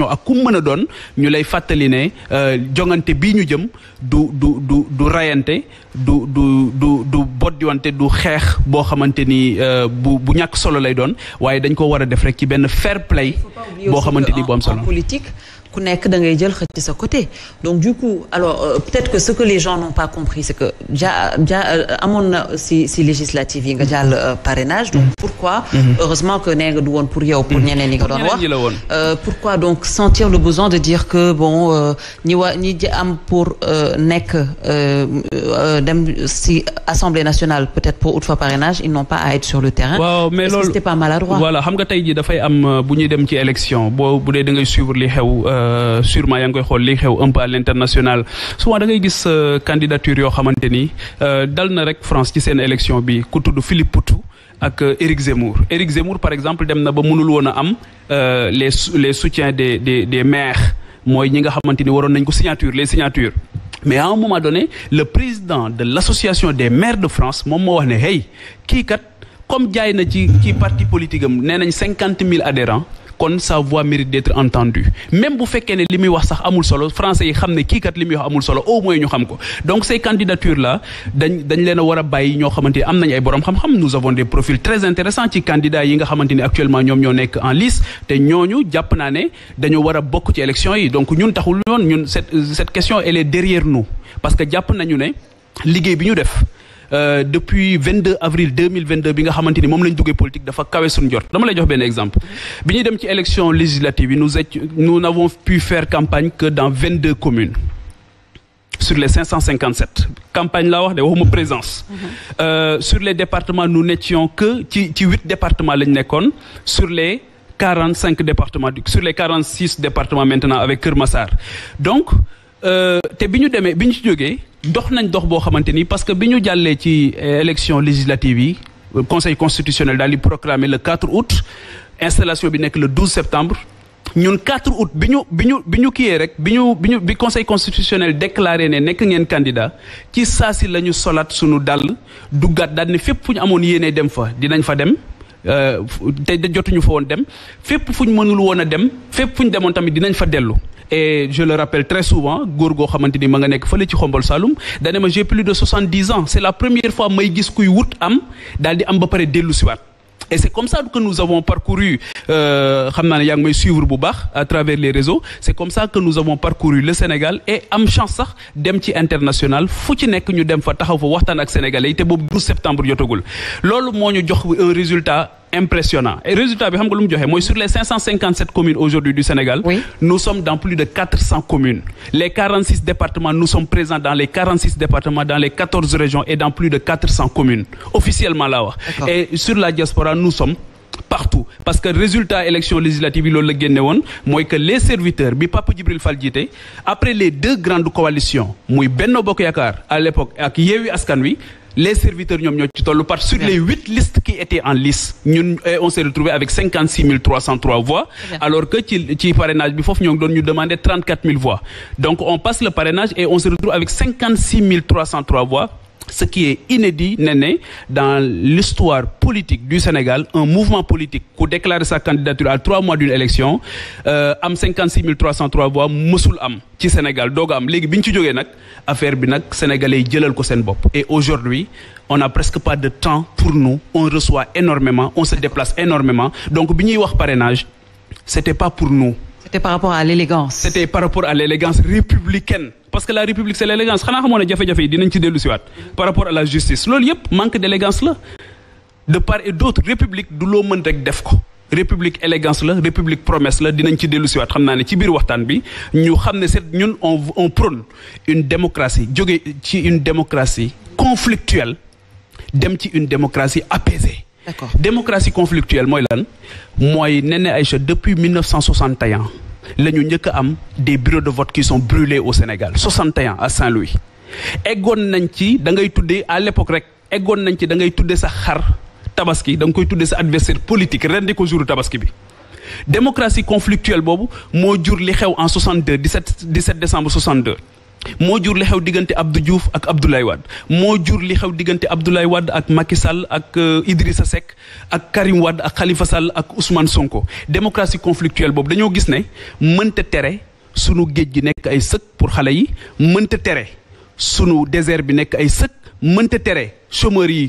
ak ku mën a doon ñu lay fàttali ne euh, jongante bii ñu jëm du du du du rayante du du du du boddiwante du xeex boo xamante ni euh, bu bu ñàkk solo lay doon waaye dañ koo war a def rek ci benn fair play boo xamante ni bu solo côté donc du coup alors euh, peut-être que ce que les gens n'ont pas compris c'est que ja euh, mon si si législative nga le euh, parrainage donc mm-hmm. pourquoi mm-hmm. heureusement que nous du pour pour mm-hmm. pourquoi donc sentir le besoin de dire que bon ni wa pour nekk si assemblée nationale peut-être pour autrefois parrainage ils n'ont pas à être sur le terrain mais c'était pas maladroit voilà xam nga tey am dem élection vous suivre li euh, sûrement ma langue, koy xol li xew un peu à l'international souvent da ngay gis euh, candidature yo xamanteni ni euh, dal na rek France ci sen élection bi ku Philippe Poutou ak Éric Zemmour Éric Zemmour par exemple dem na ba mënul a am les les soutiens des des des maires moy ñi nga xamanteni waron nañ ko signature les signatures mais à un moment donné le président de l'association des maires de France mom mo wax né hey ki kat comme jaay na ci ci parti politique am nañ adhérents kon sa voix mérite d'être entendue même bu fekkee né limi wax sax amul solo français yi xamné ki kat limi wax amul solo au moins ñu xam ko donc ces candidatures là dañ dañ leen wara war a bàyyi ñoo xamante ni am nañ ay borom xam-xam nous avons des profils très intéressants ci candidats yi nga xamanté actuellement ñom ño nekk en lice té ñoñu japp naa ne dañoo war bokk ci élection yi donc ñun taxul ñun cette cette question elle est derrière nous parce que japp nañu né liggéey bi ñu def euh, depuis 22 avril 2022 bi nga xamanteni mom lañ duggé politique dafa la suñu jot dama lay jox un exemple biñu dem ci élection législative nous nous n'avons pu faire campagne que dans 22 communes sur les 557 campagne la wax de waxuma présence mhm. euh, sur les départements nous n'étions que ci ci 8 départements lañ nékkone sur les 45 départements sur les 46 départements maintenant avec Kermassar. donc euh, te bi ñu demee bi ci dox nañ dox boo xamante ni parce que bi ñu jàllee ci euh, élection législative yi euh, conseil constitutionnel daal di proclamer le 4 août installation bi nekk le 12 septembre ñun 4 août bi ñu bi ñu bi ñu kiyee rek bi ñu bi ñu bi conseil constitutionnel déclaré ne nekk ngeen candidat ci saa si la ñu solaat suñu dàll duggaat daal ne fépp fu ñu amoon yéene dem fa dinañ fa dem euh, te jotuñu fa woon dem fépp fu ñu mënul woon a dem fépp fu ñu demoon tamit dinañ fa dellu et je le rappelle très souvent gourgo xamanteni ma nga nek fele ci xombol Saloum j'ai plus de 70 ans c'est la première fois may gis kuy wut am daldi am ba pare et c'est comme ça que nous avons parcouru euh, xam naa may suivre bu à travers les réseaux c'est comme ça que nous avons parcouru le Sénégal et am chance sax dem ci international fu ci que ñu dem fa taxaw fa waxtan ak sénégalais te boobu 12 septembre jotagul lolu moñu un résultat impressionnant et résultat sur les 557 communes aujourd'hui du Sénégal. nous sommes dans plus de 400 communes. les 46 départements nous sommes présents dans les 46 départements dans les 14 régions et dans plus de 400 communes officiellement là bas et sur la diaspora nous sommes. partout parce que résultat élection législative yi le que les serviteurs après les deux grandes coalitions Benno Bokk à l'époque ak a Askan les serviteurs ñom ñoo ci tollu par sur les 8 listes qui étaient en lice ñun euh, on s'est retrouvé avec 56 303 voix alors que ci ci parrainage bi fof ñong ngi doon ñu demander 34000 voix donc on passe le parrainage et on se retrouve avec 56 303 voix ce qui est inédit, Néné, dans l'histoire politique du Sénégal, un mouvement politique qui déclare sa candidature à trois mois d'une élection, euh, am 56 303 voix, Moussoul am, qui Sénégal, Donc, am, légui, bin ci nak, affaire bi Sénégalais djelal ko Et aujourd'hui, on n'a presque pas de temps pour nous, on reçoit énormément, on se déplace énormément. Donc, bini wax parrainage, c'était pas pour nous. C'était par rapport à l'élégance. C'était par rapport à l'élégance républicaine. parce que la république c'est l'élégance on a par rapport à la justice a manque d'élégance là. de part et d'autre république du loo mën rek république élégance la république promesse la dinañ ci ne ci on prône une démocratie une démocratie conflictuelle une démocratie apaisée démocratie conflictuelle mooy lan mooy Néné Aïcha depuis 1961 la ñu am des bureaux de vote qui sont brûlés au Sénégal 61 à Saint-Louis Egon nañ ci da ngay à l'époque rek eggoon nañ ci da ngay tuddee sa xar tabaski da nga koy sa adversaire politique rendi ko tabaski bi. démocratie conflictuelle bobu mo jur li xew en 62 17 17 décembre 62. moo jur li xew diggante Abdou Diouf ak Abdoulaye Wade moo jur li xew diggante Abdoulaye Wade ak Macky Sall ak euh, Idrissa Seck ak Karim Wade ak Khalifa Sall ak Ousmane Sonko démocratie conflictuelle boobu dañoo gis ne mënta tere sunu géej gi nekk ay sëkk pour xale yi mënta tere. sunu désert bi nek ay seuk mënta téré chômeurs yi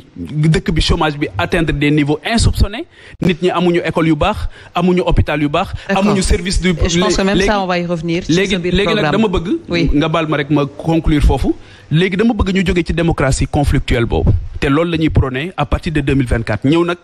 dëkk bi chômage bi atteindre des niveaux insoupçonnés nit ñi amuñu école yu bax amuñu hôpital yu bax amuñu service du. je pense que même ça on va y revenir. léegi légui nak dama bëgg. nga bal ma rek ma conclure fofu légui dama bëgg ñu joggé ci démocratie conflictuelle bobu té loolu lañuy proné à partir de 2024 ñëw nak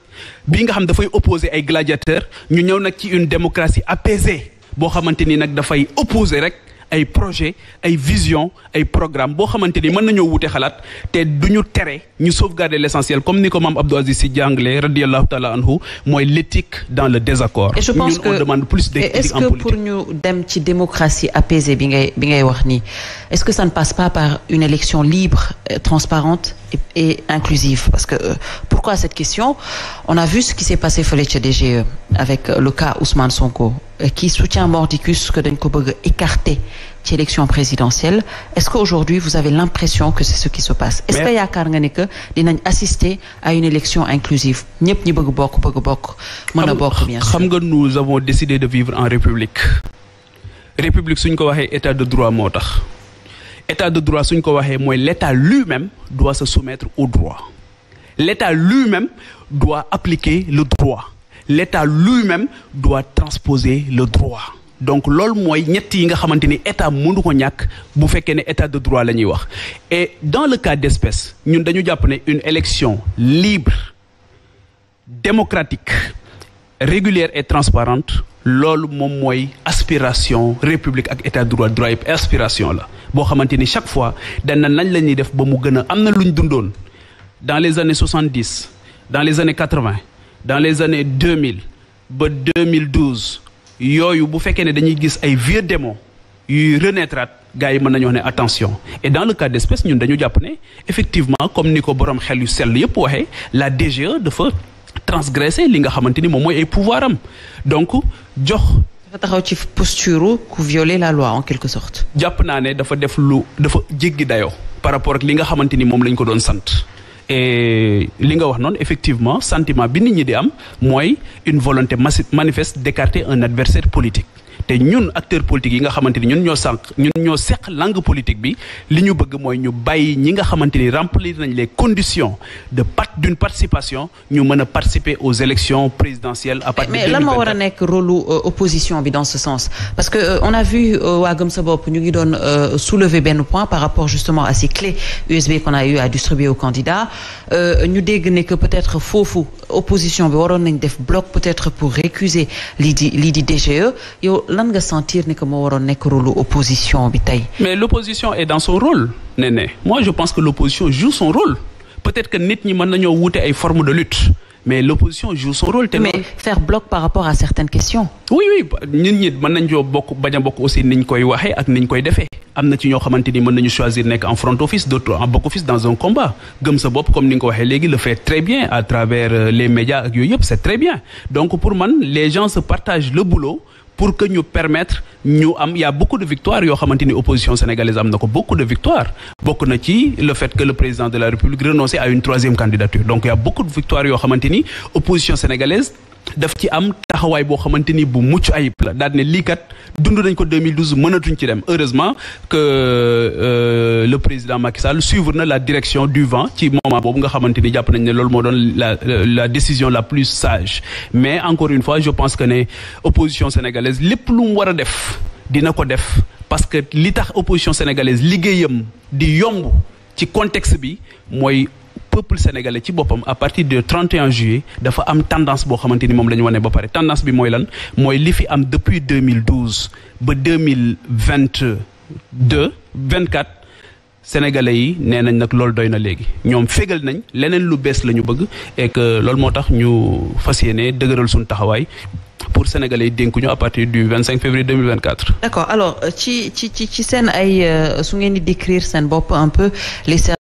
bi nga xam fay opposé ay gladiateurs ñu ñëw nak ci une démocratie apaisée bo xamanteni nak nag fay opposé rek ay projet ay vision ay programme bo xamanteni meun nañu wouté xalat té duñu téré ñu sauvegarder l'essentiel, comme ni ko mam Abdou Aziz Sy jàngale radiallahu taala anhu moy l'éthique dans le désaccord. et je pense que on demande plus d'éthique en politique. est ce que pour ñu dem ci démocratie apaisée bi ngay bi wax est ce que ça ne passe pas par une élection libre euh, transparente et, et inclusive. Parce que euh, pourquoi cette question On a vu ce qui s'est passé fële les DGE avec euh, le cas Ousmane Sonko euh, qui soutient mordicus que écarté ko écarter ci élection présidentielle est-ce qu'aujourd'hui vous avez l'impression que c'est ce qui se passe est-ce y y a ni que assister à une élection inclusive nous avons décidé de vivre en république république c'est un état de droit état de droit suñ lui-même doit se soumettre au droit L'État lui-même doit appliquer le droit L'État lui-même doit transposer le droit donc lol moy ñett yi nga état mënu ko de droit et dans le cas d'espèce, nous ñun dañu une élection libre démocratique régulière et transparente loolu mom moy aspiration république ak état de droit droit aspiration la bo xamanteni chaque fois dans les nañ lañuy def ba mu gëna amna luñ dans les années 70 dans les années 80 dans les années 2000 ba 2012 mille bu fekké né dañuy gis ay vieux démons yu renaître gars yi mën nañu né attention et dans le cas d'espèce ñun dañu japp né effectivement comme niko borom xel yu sel yëpp waxé la DGE fait transgresser li nga xamanteni mom moy ay pouvoiram donc jox. dafa taxaw ci posture ku violer la loi en quelque sorte. jàpp na ne dafa def lu dafa jéggi dayo par rapport ak li nga xamanteni mom lañ ko doon sante et li nga wax non effectivement sentiment bi nit ñi di am moy une volonté manifeste d'écarter un adversaire politique té ñun acteur politique yi nga xamanteni ñun ño sank ñun ño langue politique bi li ñu bëgg moy ñu bàyyi ñi nga xamanteni remplir nañ les conditions de part d'une participation ñu mëna participer aux élections présidentielles à partir de mais lan moo war a rôle euh, opposition bi dans ce sens parce que euh, on a vu euh, wa Gëm sa bopp ñu ngi doon soulever benn point par rapport justement à ces clés USB qu'on a eu à distribuer aux candidats ñu dégg ne que peut-être fofu opposition bi waron nañ def bloc peut-être pour récuser l'idi di DGE yo lan nga sentir que opposition bi mais l'opposition est dans son rôle. Néné moi je pense que l'opposition joue son rôle peut-être que nit ñi mën nañu wouté ay de lutte. mais l'opposition joue son rôle. mais faire bloc par rapport à certaines questions. oui oui nit ñi mën bokk bokk aussi niñ koy waxé ak niñ koy défé amna ci choisir nek en front office d'autres en back office dans un combat gëm sa comme nous l'avons ko le fait très bien à travers euh, les médias ak c'est très bien donc pour moi, les gens se partagent le boulot pour que nous permettre Il y' a beaucoup de victoires yo xamanteni opposition sénégalaise am beaucoup de victoires Beaucoup na le fait que le président de la république renonce à une troisième candidature donc il y' a beaucoup de victoires y opposition sénégalaise daf ci am taxaway bo xamanteni ni bu mucc ayib la dal ne li kat dundu nañ ko 2012 mënatuñ ci dem heureusement que euh, le président Macky Sall suivre na la direction du vent ci moment bobu nga xamanteni ni nañ ne la euh, la décision la plus sage mais encore une fois je pense que ne opposition sénégalaise lepp lu mu def dina ko def parce que li tax opposition sénégalaise ligeyem di yomb ci contexte bi moy peuple sénégalais ci bopam à partir du 31 juillet dafa am tendance une xamanteni mom moom la ba tendance bi moy lan moy li fi am depuis 2012 ba 2022 24 sénégalais yi nenañ nak lol doyna légui ñom fégal nañ lenen lu bess lañu bëgg et que lol motax ñu fas yéene suñu pour sénégalais à partir du 25 février 2024. d'accord alors ci ci ci s'en ay euh, su ngeen di décrire s'en bop un peu les